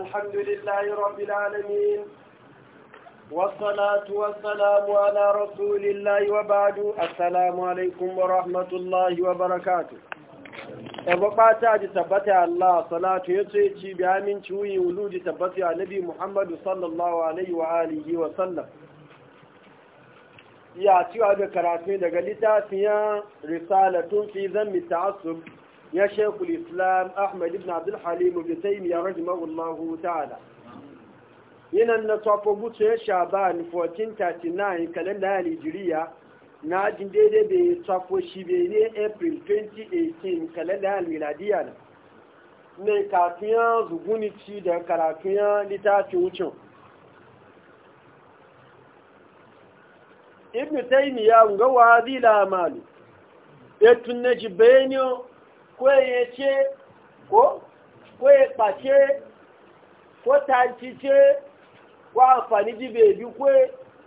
الحمد لله رب العالمين والصلاة والسلام على رسول الله وبعد السلام عليكم ورحمة الله وبركاته Ebobata ji tabbata Allah salatu ya ce ci bi aminci wuyi wulu ji tabbata a Nabi Muhammadu sallallahu alaihi wa alihi wa sallam. Ya cewa da karatu daga littafin risalatun fi zammi ya شيخ الإسلام أحمد بن عبد الحليم بن تيمية رحمه الله تعالى ينا نتوفو بوتو شعبان 1439 كالندا الهجرية na jin daidai bai tsafo shi bai ne april 2018 kalenda miladiya na mai kafiyan zugunici da karafiyan littafin wucin ibn taimiyya ga wazi lamalu etun na jibeniyo kóye ṣe kó kóye pàṣẹ kó tàǹtì ṣe kó àǹfààní jíbe èbí kóye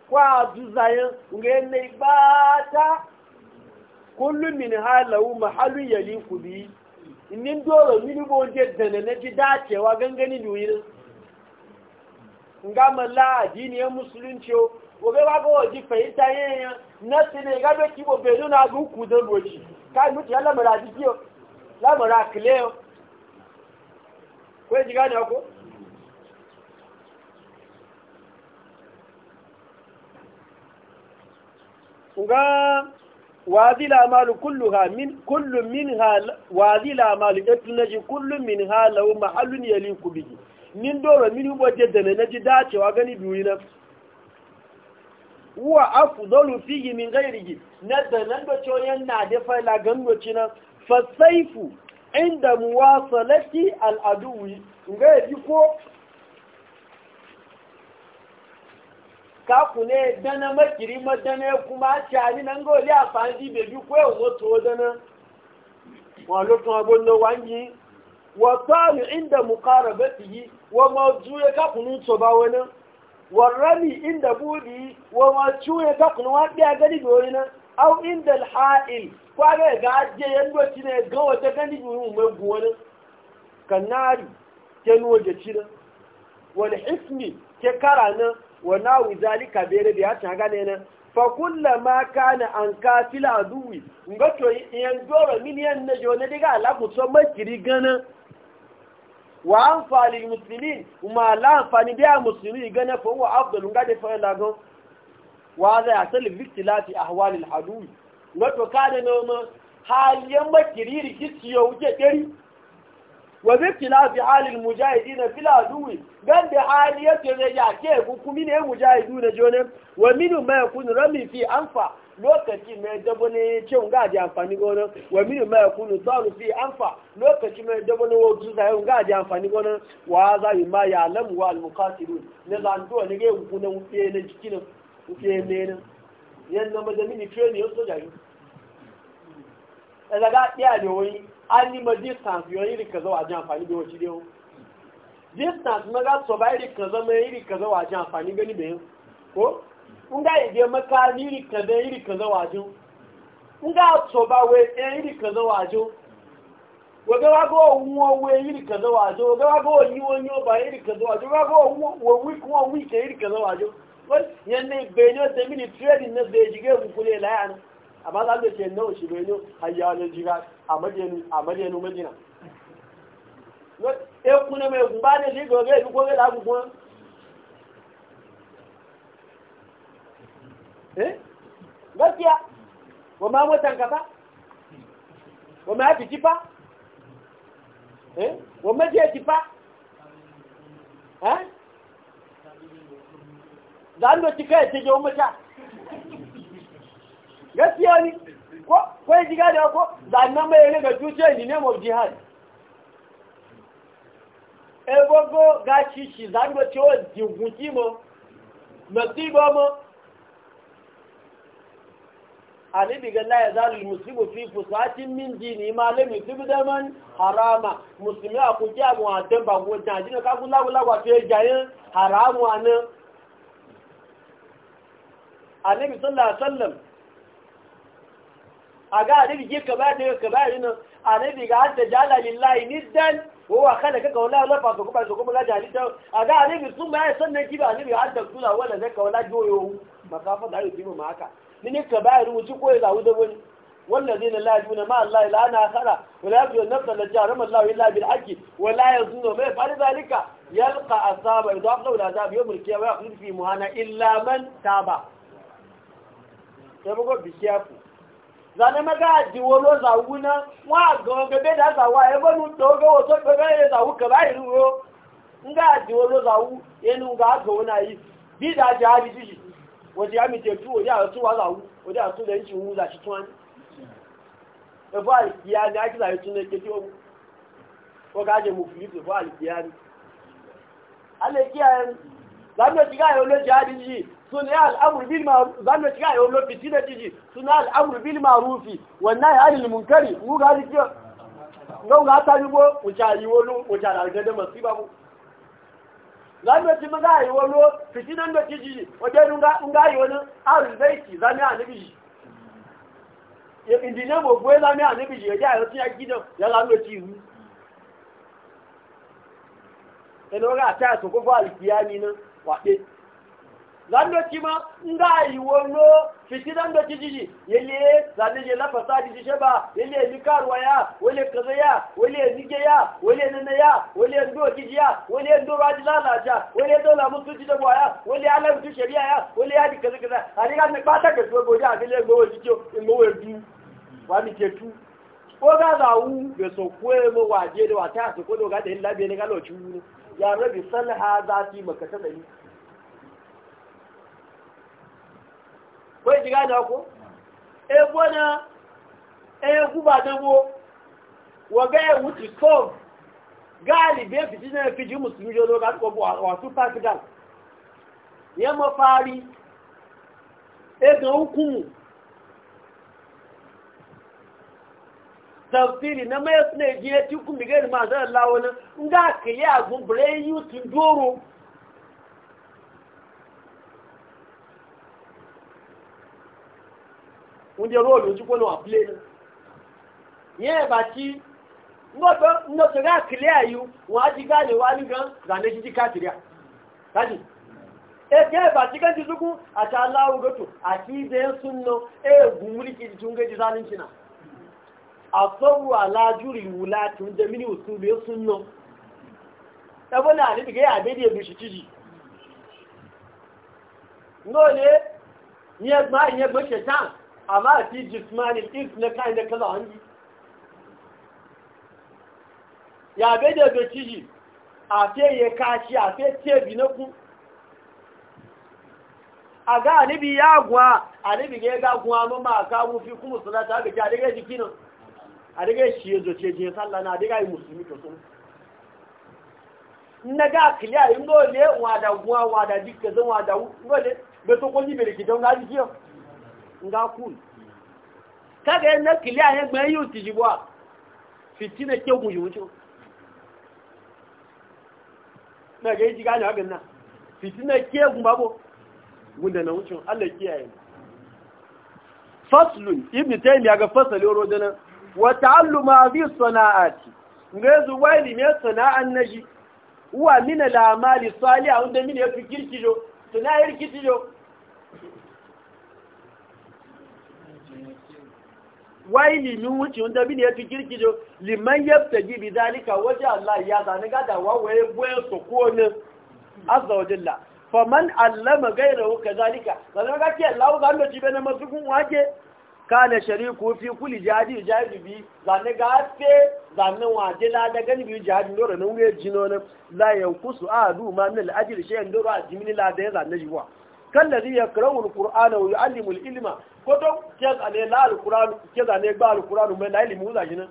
kó àdúzáyán ngẹ́ni bá tá kúlù mìíràn ha làwọn màhálù yẹ̀lì kùbí ní dọ́rọ̀ mímú oúnjẹ na gangani nga mala addini ya musulunci o gobe ba ji fahimta yayin na sine gabe na mara lámọ̀rá kìlẹ̀ ọ́ kó èjì ní ọkọ́ ga kullu ha min kullu min ha wazi lamalu etu naji kullu min ha lawu mahallun yaliku bihi doro min ubo naji dacewa gani biyu na huwa afdalu fihi min ghairihi na da nan da na da fa la gangoci nan fasaifu inda muwasalati al'aduwi ga yaji ko kaku ne dana makiri madana kuma cani nan ga wali a fanzi bebi bi ko yau wato dana walo tun agon na wangi wa tsari inda yi wa majuye kakunu to ba wani warrami inda buri wa majuye kakunu wa ɗaya gani ga wani nan au inda ha'il. kwaga ga gaje yan doci ne ga wata gani biyu mai kanari ke da cina wani ismi ke kara nan wani awu zalika bere da ya ci haga ne nan fakulla ma kana an kafila a duwi nga to yan dora miliyan na jo diga daga alakuso makiri gana wa an fali musulmi ma la amfani biya musulmi gana fa wa afdal nga da fa lagon wa za ya salif viktilati ahwalil haduwi wato da noma wani haliyan makiri rikici ya wuce ɗari wa zikila fi halin mujahidi na fila duwi gan da hali ya ce zai yake hukumi ne mujahidu na jonin wa minu mai kunu rami fi fa lokaci mai dabo ne ce wunga ji amfani gona wa minu mai kunu tsaru fi fa lokaci mai dabbani ne wa zuza yau ga ji amfani gona wa za yi ma ya lamu wa almuqatilun ne zantuwa to ne ga hukunan wuce ne jikin wuce ne ne yanda majalimi ya soja yi. daga ga ɗaya da wani an ma distance yau iri kaza wa jan amfani da wasu da distance maga so ba iri kaza mai iri kaza wa jan amfani gani bai ko in ga ide maka iri kaza iri kaza wa jan in ga so ba we ɗaya iri kaza wa jan waga wa go won iri kaza wa jan waga wa go yi won ba iri kaza wa jan waga won won week won week iri kaza wa jan wani yanne bai ne da mini trading na zai jige mu kule la'ana amma za da ke nawa shi bai ne hayya wajen jira a madiyanu madina e kuna mai gumba ne shi gobe ya gobe da abu kuma eh gaskiya wa ma mutan ka fa wa ma fiti fa eh wa ma eh? je ti eh dan do ti kai ce je wa mata gaskiya ne ko kwai jiga da ko zannan mai ne ga tuce ni ne mo jihad e gogo ga ci ci zan go ciwo jinguki mo nasiba mo ani ga la ya zalil muslimu fi fusatin min dini ma lam da man harama musulmi a kuki a mu adan ba go tan jina ka kula kula wa fe jaye haramu ana annabi sallallahu alaihi wasallam aga annabi ke kabayar daga kabayar nan annabi ga hatta jala lillahi niddan wa huwa khalaqaka wa la lafa ka kuma kuma la jalita aga annabi sun ba san nan kiba annabi hatta kula wala ka wala joyo makafa da yi ma haka ni ne kabayar mu ci koyi zawo da wani والذين لا يجون مع الله لا آخرة ولا يجون النفس التي حرم الله إلا بالحق ولا يزنون وما يفعل ذلك يلقى أصابع يضاف له العذاب يوم القيامة ويخلد في مهانة إلا من تاب. تبقى بشياكو zane adiwolo jiwo lo zawu na wa go gebe da zawa ebe bonu to go so gebe zawu ka bai ruwo nga jiwo zawu enu nga go na yi bi da ja bi ji wo ti ami te tu o ya wa zawu o da tu le nchi wu za chi tuan e ali ya ga ki za tu ne ke ti o o ga je mu fi ti ali ya ni ale ki an zame adiwolo ga yo lo suna al'amur bil ma'rufi za mu shiga yau lokaci da jiji suna al'amur bil ma'rufi wannan ya halin munkari mu ga ji kiyo ga ta yi go mu ta yi wolo mu za mu ci maga yi wolo fitinan da jiji wajen nga nga yi wani za mu annabi ji ya indine mo gwe za mu ya ya mu ci hu ga ta ci ma nga yi wano fiti zandoci jiji yele zane je lafasa jiji ba yele ni karuwa ya wale kaza ya wale zige ya wale nana ya wale ndo jiji ya wale ndo raji lalaja wale dola mutu jiji dabuwa ya wale ala mutu shari'a ya wale ya di kaza kaza a riga ne bata ga tuwa goja a fili gbawo jiki imowo du mi ke tu ko ga zawu da e mo waje da ta a ko do ga da yin labe ne ga lokaci ya rabbi salha za ta yi da ni ko ji gane ku e bona e eh, guba da wo wa ga e wuti ko gali be fiti na fiji musulmi jo lo ga ko wa su pa fidan ye mo fari e ga hukumu tafsiri na mai sune je ti kun bige ma zan lawo nan ga ke ya gun brain you tun oúnjẹ róòlù ojú pọ́nà àpílé ni yẹn ẹ̀bà tí nọ́tọ̀rẹ́ àkìlẹ̀ àyú wọ́n á ti gáàlè wá ní gan zànẹ́ jíjí káàkiri àtàjì ẹgbẹ́ ẹ̀bà tí kẹ́ ti súnkún àti aláwògótò àti ìdẹ́ súnná ẹ̀ẹ̀gùn múlìkì tún gẹ́ jíjá ní amma a fi jismanin is na kayan da kaza hangi ya bai da doki a fe ya kashi a fe tebi na ku a ga alibi ya guwa alibi ga ya ga guwa ma ma ka wufi kuma suna ta biki a daga jiki nan a daga shi ya zoce jin sallah na daga yi musulmi to sun na ga kiliya yi nole wada guwa wada dikka zan wada nole bai to kwanji bai da gidan ga jikiyar nga cool kaga na kili a gbe yi uti jibwa ke gun yi wucho na ga yi gani hagan na fitina ke gun babo gunda na wucho Allah kiyaye faslun ibn taymiya ga fasali rodana wa ta'alluma bi sana'ati ngezu waili me sana'an naji wa min al-amali salihah unda min yafi kirkijo sana'ir kirkijo wai limin wuce wanda ne ya fi kirkijo liman yabta gibi zalika waje Allah ya zane gada wawaye buwe sokonin azza wa jalla faman allama gairahu kazalika zalima ga ke Allah wake kana shariku fi kulli jadi jadi bi zane ga zane da gani bi jadi dora nan ga ma min koto keza ne la alkur'anu keza ne ba alkur'anu mai la ilimi uza jinin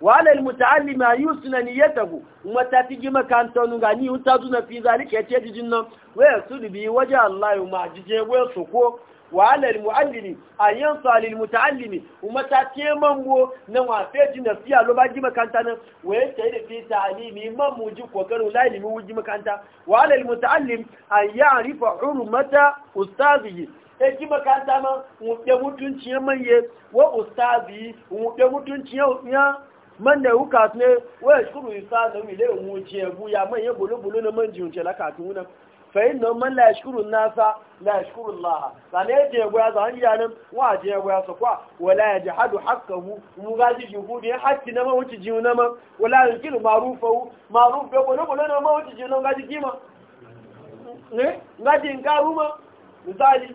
wala almutaallim yusna niyatahu mata tigi makanta nu gani uta zuna fi zalika ce jijin nan wa yasudu bi waja allah ma jije wa soko wala almuallimi ayan salil mutaallimi mata te mambo na wa feji na fiya lo ba ji makanta nan wa yace da fi ta'limi mamu ji kokarin la ilimi wuji makanta wala almutaallim an ya'rifa hurmata ustazihi e ki makaranta ma wuɗe mutunci ya manye wa ustazi wuɗe mutunci ya ya man ne wuka ne wa shukuru ustazi mi le mu je bu ya manye bolo bolo na man jinje la ka tuna fa inna man la yashkuru nasa la yashkuru allah fa ne je bu ya zan ya ne wa je bu ya so kwa wa la yajhadu haqqahu mu gaji ji bu ne hakki na ma wuci ji na ma wa la yakilu ma'rufahu ma'ruf be bulu bulu na ma wuci ji na gaji kima ne gaji in ka ruma misali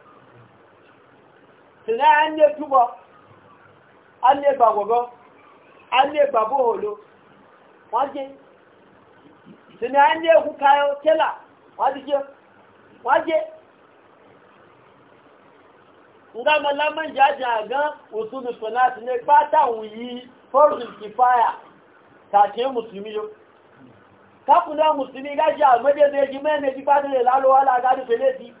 tìlẹ́ ánlé túbọ̀ ánlé gbàgbọ̀gbọ́ ánlé gbàgbóhòlò wọ́n jẹ́ tìlẹ́ ánlé ẹkù káyọ tẹ́là wọ́n ti jẹ́ wọ́n jẹ́ nga ma laman jaji a gan usulu sunati ne pata wuyi forzul kifaya take musulmi yo kakuna musulmi gaji a maje zai ji mai ne ji fata da lalowa la gadi felesi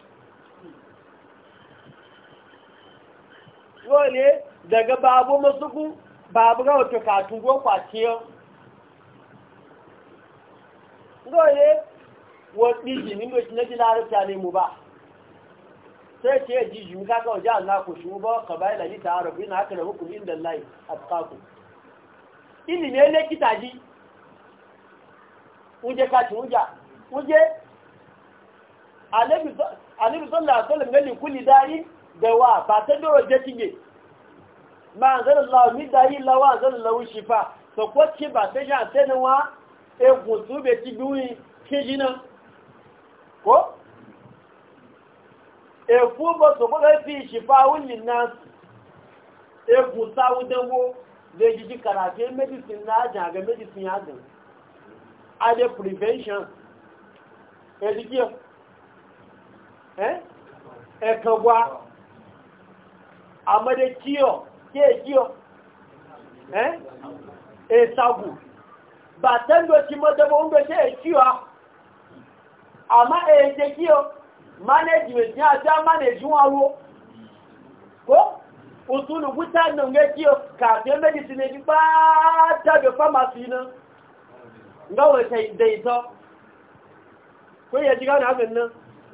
dole daga babu masu babu ga wato katun go kwaciyo dole wadi ji ni mai na dinar ta ne mu ba sai ce ji ji ka ga wajen Allah ku shu ba qabaila ni ta'arufu ina haka da hukum inda lai a atqaku ili ne ne kitaji uje katun uja a Anabi sallallahu alaihi wasallam ne kulli da'in da wa ba ta da waje kige ma an zara lawa mi da yi lawa an zara lawa shi fa ba ta sha ta ni e su be ti duyi ke ko efu ba so ko ga fi shi fa wulin na e ku sa wu dan wo da ji ji karate medicine na ja ga medicine ya dan a de prevention e ji àmọ́ dé kíọ̀ kí è kíọ̀ ẹ́ ṣàgù bàtẹ́ ń gbòsí mọ́tẹ́bọ̀ ń gbòsí è kíọ̀ àmọ́ èdè kíọ̀ management ní àti manage wọn wo kó òtúlù wúta nà ń gẹ́ kíọ̀ kàfẹ́ medicine ní bá tẹ́gbẹ̀ pharmacy náà gawar daidaito kun yaji gane abin nan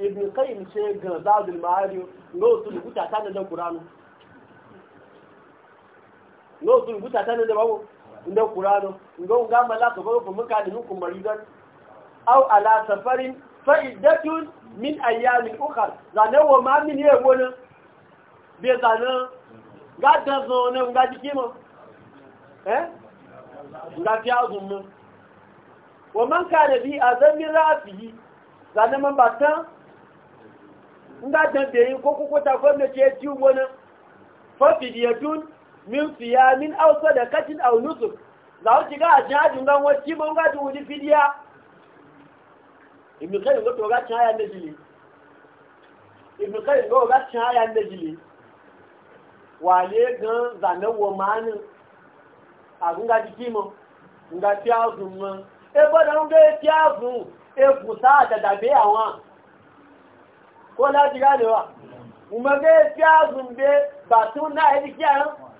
ibn qayyim ce ga zadul ma'ariyo ga no sun rubuta ta da babu inda kurano inda un ga mala ka bago mun ka dinu kun maridan aw ala safarin fa iddatun min ayyamin ukhra zane wa ma min ye gona be zane ga da zona ga jiki mo eh ga fi azum mo wa man ka da bi azami rafihi zane man batan nga dan de ko ko ta ko ne ke ti gona fa fidiyatun min min siyamin aw sadaqatin au nusuk za ku ga jihadin gan wacce ban ga ji wuri fidiya ibn kai ngoto ga chaya ne jili ibn kai ngoto ga chaya ne jili wale gan zanawo manin agunga dikimo nga ti azun mo e da bodo nga ti azun e da dada be àwọn ko la diga le wa mo nga ti azun e e be batun na e kiyan.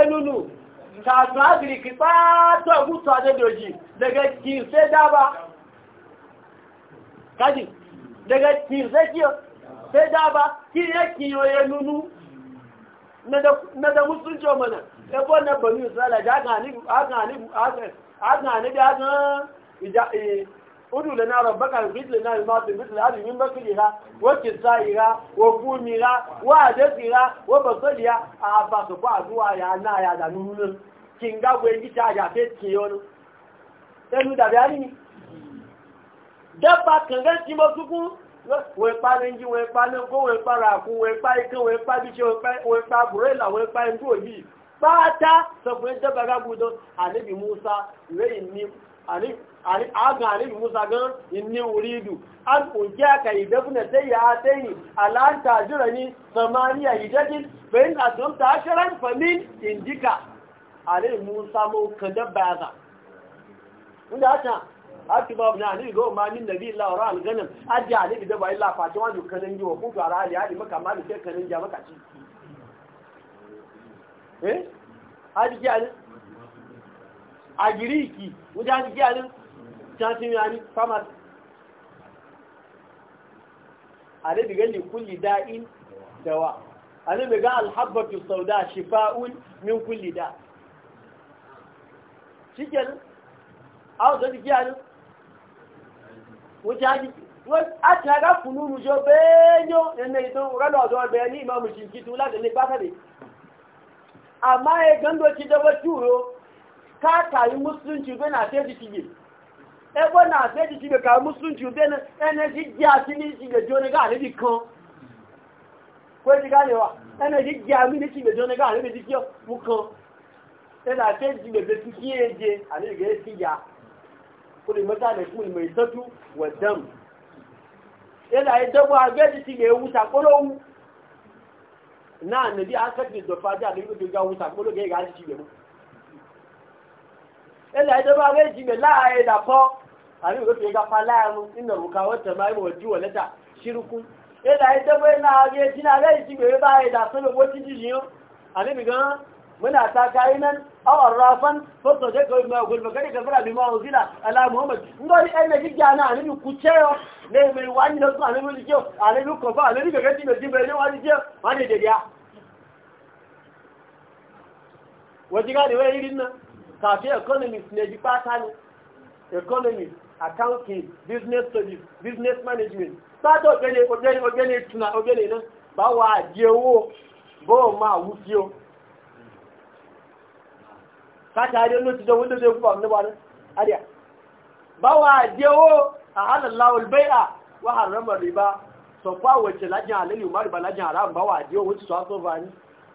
enunu tààtù ágìrìkì pàátọ̀ ẹ̀gútù adédòjì lẹ́gẹ́ kí n fẹ́ dába kájì lẹ́gẹ́ kí n fẹ́ kí o fẹ́ dába kí yẹ kí o yẹ nunu mẹ́dẹ̀ musulunci ọmọdé ẹgbọ́n nẹ́bọ̀ ní ìsìlẹ̀ ادعو لنا ربك يخرج لنا مما تنبت الارض من بكلها وكسائها وفومها وعدسها وبصلها ابا سبع دوا يا نا يا دانون kinga gwengi ta ya fe kiyono tenu da bari ni daba kangan ti mo suku we pa nenji we pa ne ko we pa ra ku we pa ikan we pa bi che we pa we pa burela we pa ndu oyi pata so pe daba ga budo anabi musa we ni aga alif musa inni uridu an ujiya ka idafna sai ya tayi alan tajirani samaniya hijatin fa in adumta asharan fa min indika ari musa mo kada baza inda ta aki babu na ni go ma min nabi allah ra alganam aji ali bi bai la fa wa kanin jiwa ku ga ali ali maka ma sai kanin ja maka ci eh aji ali a giriki wajen hajji kiyanin cancin yani samar a ne daga kulli da'in dawa a ne daga alhabbatu sau da shifa'un min kulli da shi kenan a wajen hajji kiyanin wajen hajji a ti aga fununu jo beyo ẹnẹ ito rẹ́lọ̀ ọ̀dọ̀ ọ̀bẹ̀ ní ìmọ̀ mùsùlùmí tó láti lè pátá dé àmá ẹgbẹ́ ń lọ ti dọ́wọ́ tí ka kayi musulunci bai na sai jiki ẹgbẹ́ e na sai jiki bai kayi musulunci bai na ẹnẹ́jì jẹ́ àti ní ìgbẹ̀jọ́ ní gáà níbi kan kó ti gáà wa ẹnẹ́jì jẹ́ àmì ní ìgbẹ̀jọ́ ní gáà níbi jíjẹ́ mú kan ẹnà e sai jiki bẹ̀bẹ̀ tí kí é jẹ àti ìgbẹ̀ sí ya kó lè mọ́tà lè fún ìmọ̀ ìtọ́jú wẹ̀ dẹ́m ẹnà ìdọ́gbọ́ agbẹ́ ti ti lè wù sàkólówù náà nìdí akẹ́kọ̀ọ́ ìdọ̀fà ẹlẹ́ ìjọba méjì mẹ́ láàáyé dàpọ́ àrí òkè gáfà láàrún nínú òkà wọ́n tẹ̀mọ́ ìwọ̀ ojú ọ̀lẹ́ta ṣírúkú ẹlẹ́ ìjọba láàáyé jìnà méjì mẹ́ bá ẹ̀dà sọ́nà ta na wani kàfí economics na di pátá ni economics accounting business studies business management pátá ògbéni ògbéni ògbéni tuna ògbéni náà bá wà á di owó bóò máa wú sí o ló ti lóde fún wọn bá wà á di owó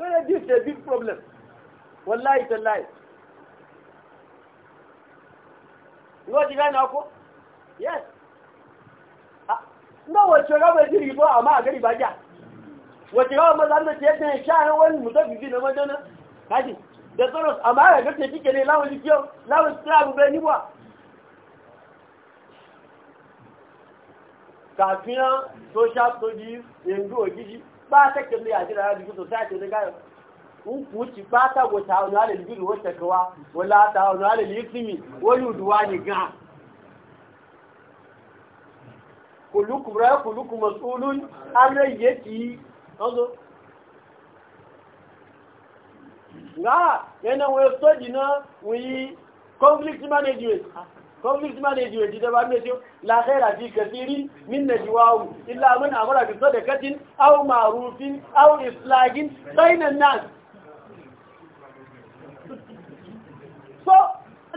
Well, this is a big problem. Wallahi tallahi. Ngo ko? Yes. Nga wace gaba ji ribo amma a gari ba ja. Wace gaba maza da ce ta ne wani mutafifi na madana. Kaji, da tsoron amma a gari ta shike ne lawan jikiyo, lawan su tsaya ni ba. Kafin social studies yanzu ojiji. ɓata ke mai ajira ya biyu sosai ke daga hukunci ɓata wata wani halin biyu wata kawa wala ta wani halin yisimi wani uduwa ne ga kulukum ra kulukum mas'ulun an rai yake ozo ga yana wani soji na wuyi conflict management conflict management da ba mai la khaira fi kathirin min najwahu illa man amara bi sadaqatin aw ma'rufin aw islahin bainan nas so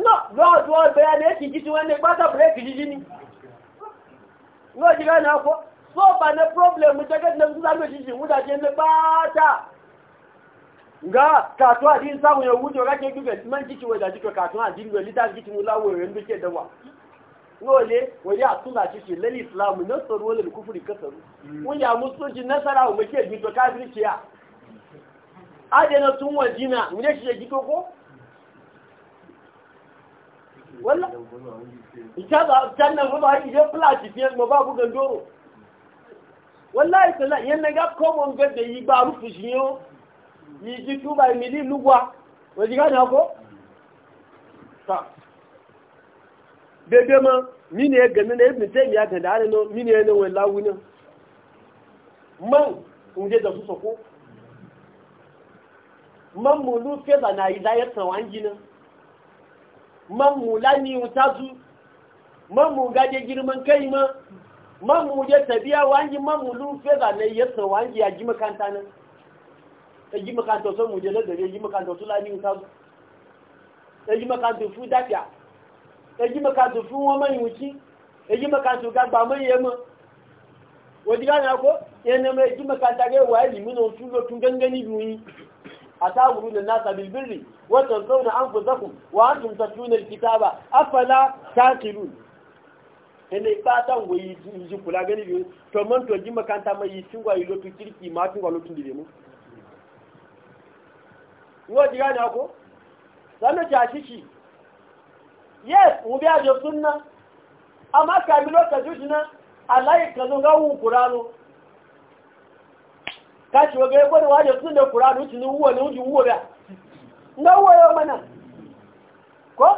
no lord wọ́n bẹ̀rẹ̀ ní ẹ̀kì jíjí wọ́n ní pátá bẹ̀rẹ̀ kìjíjí ni lọ́jíká náà kọ́ so bá ní problem jẹ́gẹ́ ní ọdún sáàmì òjìjì múdàjẹ́ ní pátá ga kàtọ́ àdín samu ewu tí ọ̀rá kéjú bẹ̀ tí máa ń jíkí wẹ̀dà jíkọ kàtọ́ àdín rẹ̀ lítà jíkí mú láwọ̀ rẹ̀ ń bí kẹ́ dẹwà náà lé wẹ̀dí na ṣíṣe lẹ́lẹ̀ ìsìlámù náà Mun wọlé musu fún ìkẹsọ̀rọ̀ wọ́n yà mú sójì nẹ́sára òun kí ègbìtọ̀ wani ṣe à ádẹ́nà tún wọ̀n jìnà ìwé ṣiṣẹ́ jí kókó wọ́lá ìjábà jánà gbọ́dọ̀ ayíṣẹ́ pílàtì fi ẹgbọ́n bá bú gandoro wọ́lá ìsìnlẹ̀ yẹn nẹ́gà kọ́mọ̀ ń gẹ́gẹ́ yí yìí túbà ìmìlì lúgbà òjìká ní ọkọ́ ta bebe ma mini ya gani na ibn taimi ya gani ana mini ya ne wani lawu ne. man kunje da su sako man mulu feza na yi zayar tsawon gina man mula ni wuta su man mu gaje girman kai ma man mu je tabiya wangi man mulu feza na yi yasa wangi ya ji makanta nan ẹjí mọ́kàntọ̀ sọ́mù jẹ́ lọ́dọ̀rẹ́ ẹjí mọ́kàntọ̀ tó láàrin ìsáàbù ẹjí mọ́kàntọ̀ fún dápíà ẹjí mọ́kàntọ̀ fún wọn mọ́yìn wùkí ẹjí mọ́kàntọ̀ gbàgbà mọ́yìn ẹmọ òdìgbàna kó ẹni ọmọ ẹjí mọ́kàntà gẹ́ wà ẹ̀lì mínú tún ló tún gẹ́gẹ́ níbi yìí àtàwùrú nà náà tàbí bírì wọ́n tàn sọ́nà àǹfọ̀sọ́kù wà á tún tàbí nà ìkìtàbà afẹ́lá yana ẹni ìpátá wọ yìí ju kùlá gẹ́ níbi tọmọ́ntọ̀ jí mọ́kàntà mọ́ yìí tún wà ìlótú kírìkì máa tún wà lótú dìde mú wọ́n ti gane ko sanu a yes mu biya sunna amma kami lokacin shi alayi ka zo gawo kuranu ka wa gaya kwada wajen sun da kuranu ci ni wuwa ni wuji wuwa biya nga wuwa yau mana ko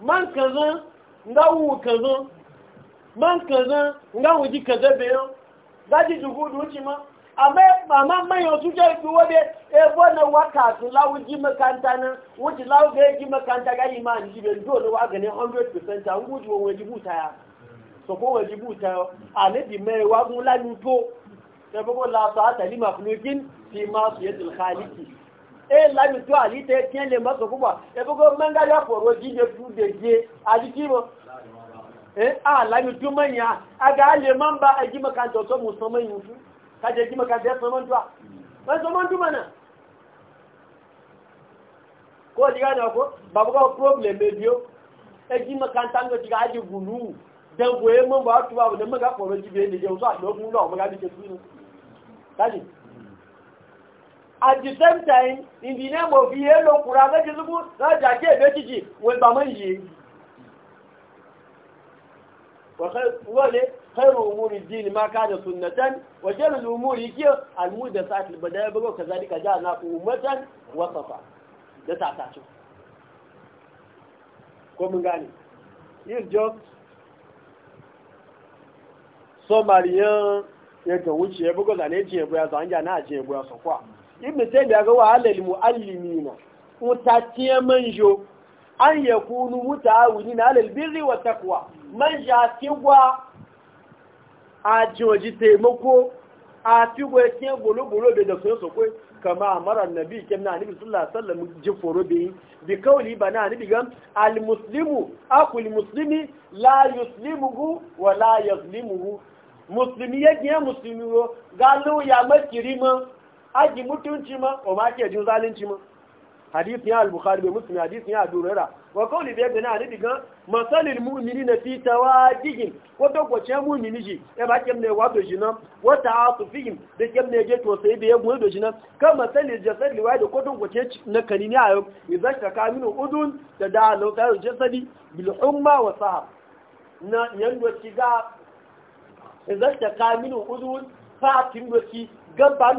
man kazan nga wuwa kazan man kazan nga wuji gaji jugu ma amma manyan su ce fi wadda ebo na waka su lawu ji makanta na wuce lawu ga ji makanta ga imani ji bai dole wa gane 100% an guji wa waje buta ya so ko waje buta ya a nabi mai wagun lami to ta bugu la su hata lima fulukin ma su yadda khaliki e lami to ali ta tiyan le masu kuma ta e bugu man ga ya foro ji da tu da je a jiki mo eh a lami tu manya a ga le man ba a ji makanta to musamman yusu kaje ji maka da saman tuwa ba saman tuwa mana. ko diga na ko babu ka problem be biyo e ji maka tan go diga aji gulu dan goye mun ba ba da maka koro ji be ne je so a lo mun lo maka bi ke tunu kaji at the same time in the name of yellow kuraga jizubu na jake be kiji we ba man yi وخير أمور الدين ما كان سنة وشر الأمور كي المودة ساعة البداية بقى وكذلك da ta ta ده Ko كم غاني Here's just somebody ya ga wuce ya buga zane ce ya buya zan jana ce ya buya su kwa ibn sai da ga wa halal muallimina mutatiyan manjo an yakunu na alal birri wa taqwa man jafigwa a jiwaji taimako a figwa ya ke bolo-bolo da da sun sokwe kama a marar nabi kem na anibi sallallahu sallam ji foro bi bi kawli ba na anibi gam al-muslimu akul muslimi la yuslimuhu wa la yazlimuhu musulmi ya gina musulmi ga galo ya makirima ma aji mutunci ma o ma ke ji zalunci ma hadith ya al-bukhari bai muslim hadith ya durera wa qawli bi yadna ali diga masalil mu'minina fi tawajihim ko to ko ce mu'mini ji e ba kemne wa do jina wa ta'atufihim da kemne je to sai da e yego do jina kan masalil jasad li wa da ko to ko ce na kanini ayo idan ka kaminu udun da da lo jasadi bil umma na yando kaminu udun fatin gaban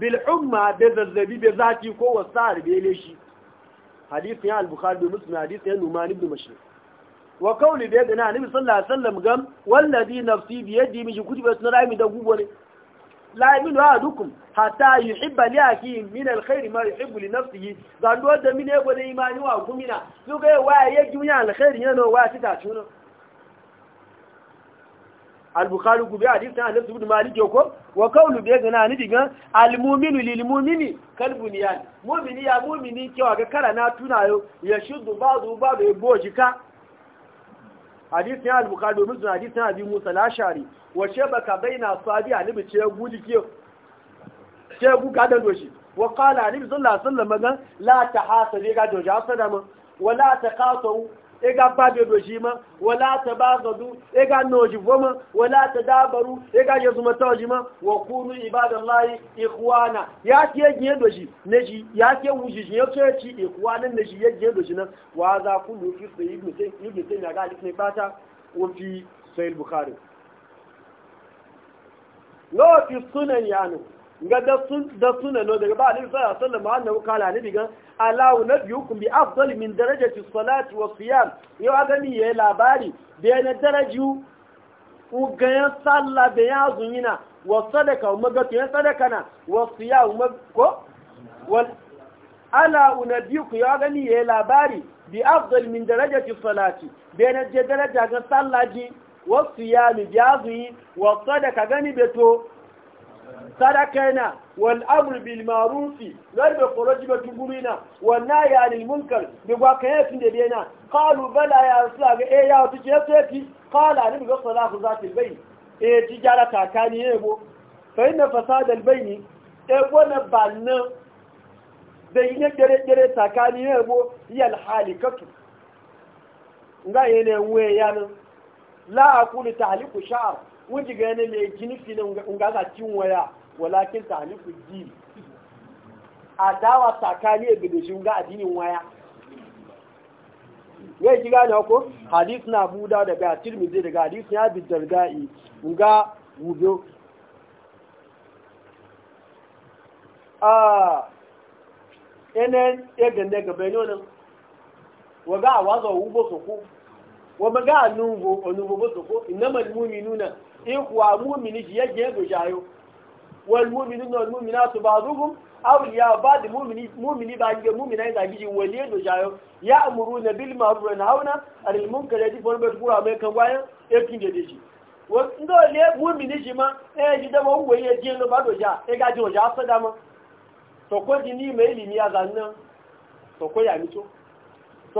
bil'umma be zazzabi da zafi ko wasa'ar bele shi hadisun ya al-bukhari da muslim hadisun ya numani da mashi wa kauli da yadda na nabi sallallahu alaihi wasallam gam wallazi nafsi bi yadi miji kutiba sun rami da gubo ne la yaminu ahadukum hatta yuhibba li akhi min al-khair ma yuhibbu li nafsihi zando da mine gode imani wa gumina su ga waya ya junya al-khair yana wa ta tuna al-bukhari ku bi hadisin anas ibn malik ko wa qawlu bi gana ni diga al-mu'minu lil mu'mini mu'mini ya mu'mini cewa ga kara na tunayo ya shuddu ba'du ba'du ya bojika hadisin al-bukhari domin sun hadisin abi musa lashari wa shabaka baina sabi alibi ce guji kiyo ce gu ga dan doshi wa qala alibi sallallahu alaihi wasallam la tahasadi ga doja sadama wa la taqatu ega babe doshi ma wala ta bagadu ega noji voma wala ta dabaru ega ya zuma tawaji ma wa kunu ibadallahi ikhwana ya ke yaje doshi ne shi ya ke wuji shi e ya ikhwana ci ikhwanan ne shi yaje na wa za lu fi sayyid mutai ibn sayyid ya ga hadith ne fata wa fi sai bukhari lo fi sunan yanu ga da suna no daga ba alaihi sallallahu alaihi wasallam annahu qala annabi gan alahu nabiyukum bi afdali min darajati salati wa siyam yau aga ni yayi labari da yana daraji u ga ya salla da ya zunyina wa sadaka umma ga ya sadaka na wa siyam umma ko wal ala unabiyuku ya ga ni yayi labari bi afdali min darajati salati da yana daraja ga ji wa siyam bi azumi wa sadaka gani beto sadakaina wal amr bil ma'ruf wal bikhruj bi tuburina wan nahy anil munkar bi ba kan yatin da qalu bala ya rasul ga eh ya tuke tafi qala ni ga salahu zatil bayn eh tijara takani yebo fa inna fasada al bayn eh gona banna da yin gare gare takani yebo yal halikatu nga yene we yana la aqulu tahliku sha'r wuji gane mai gini fina ungaza cin waya walakin ta halifu ji a dawa tsakani a bidoshi unga addinin waya ya yi gane ko hadis na buda daga tirmidhi daga hadis ya bi dardai unga wudo a enen ya gande gaba ne nan waga a wazo wubo soko wa maga a nubo onubo soko innamal mu'minuna ikwa mumini shi yake yadda shayo wal mumini na mumina su ba zuhun awliya ba mumini mumini ba ga mumina ya zagi ya amuru na bil ma'ruf wa nahuna anil munkar yadi fon bet kura mai kan wayan wa ndo le mumini ma e ji da won waye je no ba e ga jo ja sada ma to ko ji ni ilimi ya zanna to ko ya to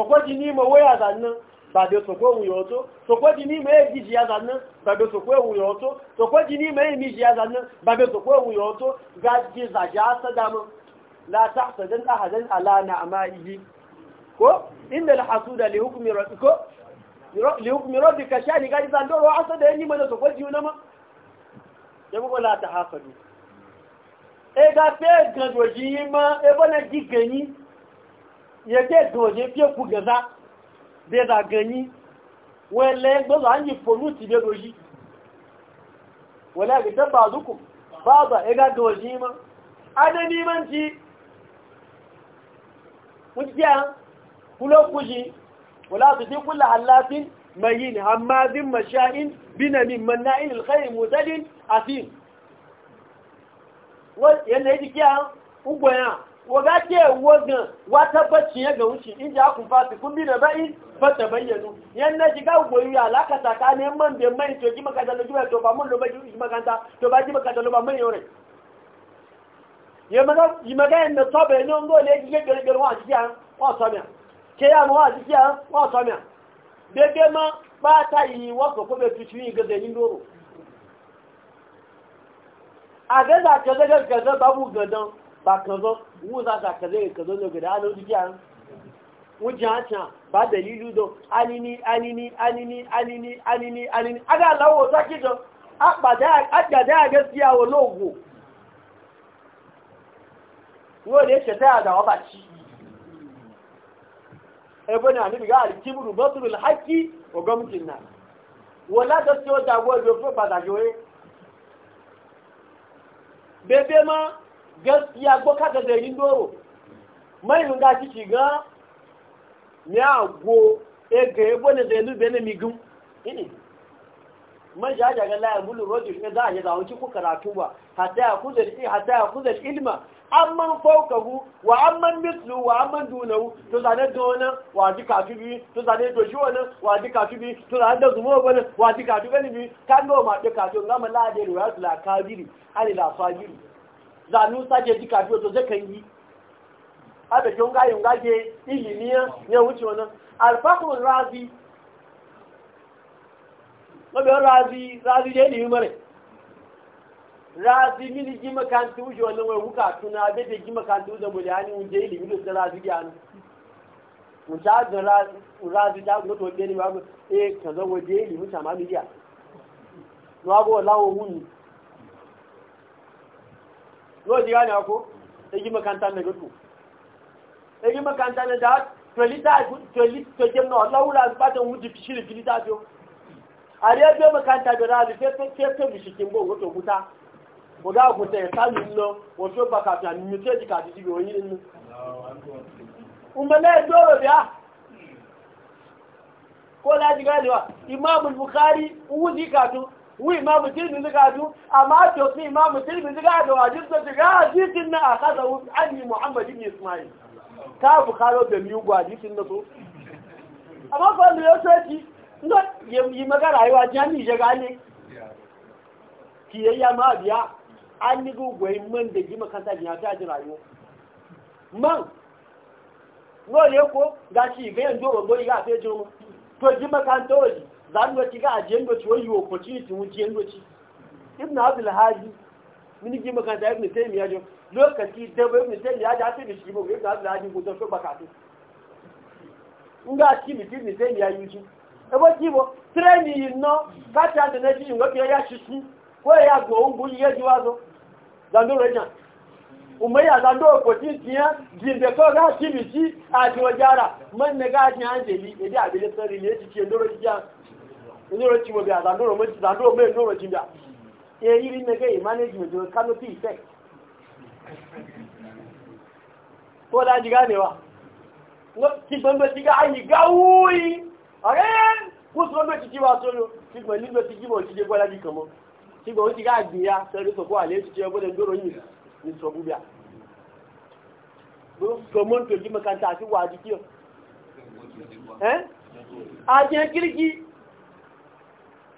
ko ji ni zanna sàdé sòkó òun yọ̀ tó sòkó di ní ìmọ̀ èjì jìyà zànà bàbá sòkó òun yọ̀ tó sòkó di ní ìmọ̀ èmi jìyà zànà bàbá sòkó òun yọ̀ tó gàjì zàjà sàdámù látà sàdán àhàdán àlànà àmà ìyí ko inda la da li hukmi rabbiko li hukmi rabbika shani zan mana na ma ta e ga ma e ji gani ku gaza bẹ́ẹ̀ dà gan yín wọ́n ẹlẹ́ gbọ́dọ̀ á ń yí fòlù tì bẹ́ẹ̀ lóyí wọ́n lẹ́yìn tẹ́ bá àdúkù bá àgbà ẹgá mọ́ adé ní mọ́ ti ń tí a kúlọ́ kú yìí wọ́n láti dín kúlẹ̀ aláàfin mayin hamadin masha'in binamin manna'in alkhairi mutadin afin wọ́n yẹn lè waga ke wata bacci ya ga wuce in ji akun fasi kun bi da ba'i ba ta bayyano na shiga goyi alaka tsakanin man da mai to ji makanta da jiba to ba mun ji makanta to ba ji makanta loba mai yore ya maga yi maga na tobe ngo le ji ya wa ke ya mu wa ji ya ma ba ta yi wa ko ko be ga ni a ga za ka gadan ba kazo wu za ka kaze ka zo daga da alo dukiya wujen hancin ba dalilu don anini anini anini anini anini anini aga lawo za ki don aga daya gaskiya wa logo wanda ya shataya da wabaci ebe na nufi ga alkibru baturul haƙi wa gwamnatin na wala gaskiya wata abuwa da fi bebe ma gaskiya ko kada zarin doro mai mun ga ga ne ago e ga e bone zai ini man ga la bulu shi a yi zawon ku karatu ba hatta ya kuza shi hatta ya kuza ilma amman fawkahu wa mithlu dunahu to zane dona wa to zane to shi wannan wa da zuma wannan wa bi ma ngama la kabiri zanu sake ji kafin to zai kan yi abekin gayin ke ilimiya ya wuce wani alfakun razi mabiyar razi razi da ilimi mare razi mini ji makanti wuce wani wai wuka tuna abe da ji wuce da hannu wuce ilimi da su razi da razi da hannu to ne e eh, ka zo waje ilimi sama miliya. Nwa lawo yau ji gane ko ɗagi makanta na gudu ɗagi makanta ne da to tolitajen na wula su fatan wuce fi fili ta fiyo a riyar biyo makanta da razu fefe bishikin bon wato ko buga kuta ya sami nlo wato ba kafin a mimito ji kafin ji biyo yi nnu umarna ya Ko doro biya ko na ji ganewa imamul bukari ka kafin Wi máa mutum tìrìmì sí gáájú amma àti òfin máa mutum tìrìmì sí gáájú àjí tó ti jikin sí ní àkádà wọn muhammad muhammadu ismail káàbù káró bẹ̀mí ugbó àjí jikin na tó amma pẹ̀lú yóò tó ti magara àyíwá jani ní ìṣẹ́ gáálé kì í yá máa bíá á ní gbogbo ji ń dèjì makanta jìnnà zangoci ga ajiyar goci wani yiwu opportunity wujiyar goci ibn abdul hajji mini gima kan tayi ibn tayyib ya jo lokaci da bai ibn tayyib ya ja sai shi ba ibn abdul hajji ko to baka to nga ci mi ibn tayyib ya yuji e ba ki bo treni no ka ta da na ji ngobi ya shi shishi ko ya go ungu ya ji wazo zando reja umayya zando tiya ya jinde ko ga ci mi ci a ti wajara man ne ga ti an ji li e da le sori ne ci ce ndoro ji ndoro chiwo bia za ndoro mwe za ndoro mwe ndoro chimbia ye yiri mege management yo canopy effect ko da ji ganewa no ti bambe ti ga ayi gawi are ko ti ti wa so lo ti ti jibo ti je gwa laji kan mo ti gbe ti ga gbe ya so ri so wa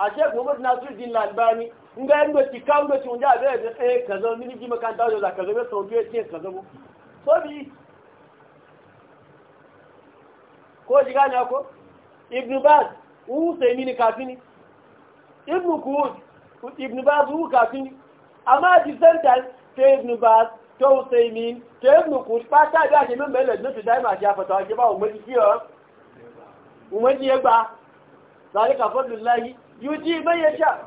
a shek muhammad nasiruddin lalbani in ga yadda ki kawo da cin jabe da tsaye ka zama mini ji makanta da ka zama sau biyu ce ka zama so bi ko ji gane ko ibn baz u sai mini kafini ibn kuhud ibn baz u kafini amma di sentence ta ibn baz ta usaimin ta ibn kuhud ba ta ga ke min bayan lajina su daima shi ya fata ke ba umarji kiyar umarji ya gba zalika fadlullahi yuji bai ya sha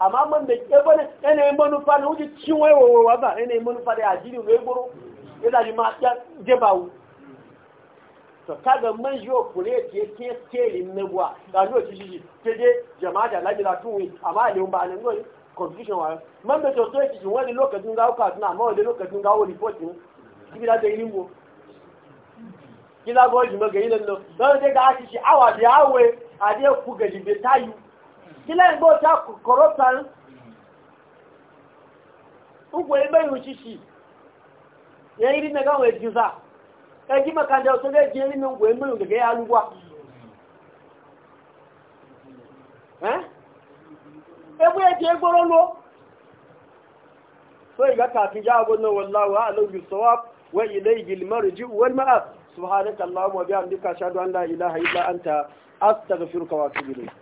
amma man da ke bane yanayin manufa na wuce cin waiwawa ba yanayin manufa da yaji ne mai ya zaji ma ya jebawu to kaga man yo kure ke ke skelin na gwa da no ci ci ke je jama'a da laji la tuwi amma ne ba nan goyi confusion wa man da to to ci wani lokacin ga amma wani lokacin limbo kila nan ga awa da a ku gaji tayu kila igbo ta korotan ugwe ibe yuchichi ya iri mega we giza eji maka ndị otu ga eji eri na ugwe mmiri ngege ya alugwa eh egbe eji egboro lo so iga kafin ya abu na wallahu a'lam bisawab wa ilayhi al-marji wal ma'ab subhanaka allahumma wa bihamdika ashhadu an la ilaha illa anta astaghfiruka wa atubu ilayk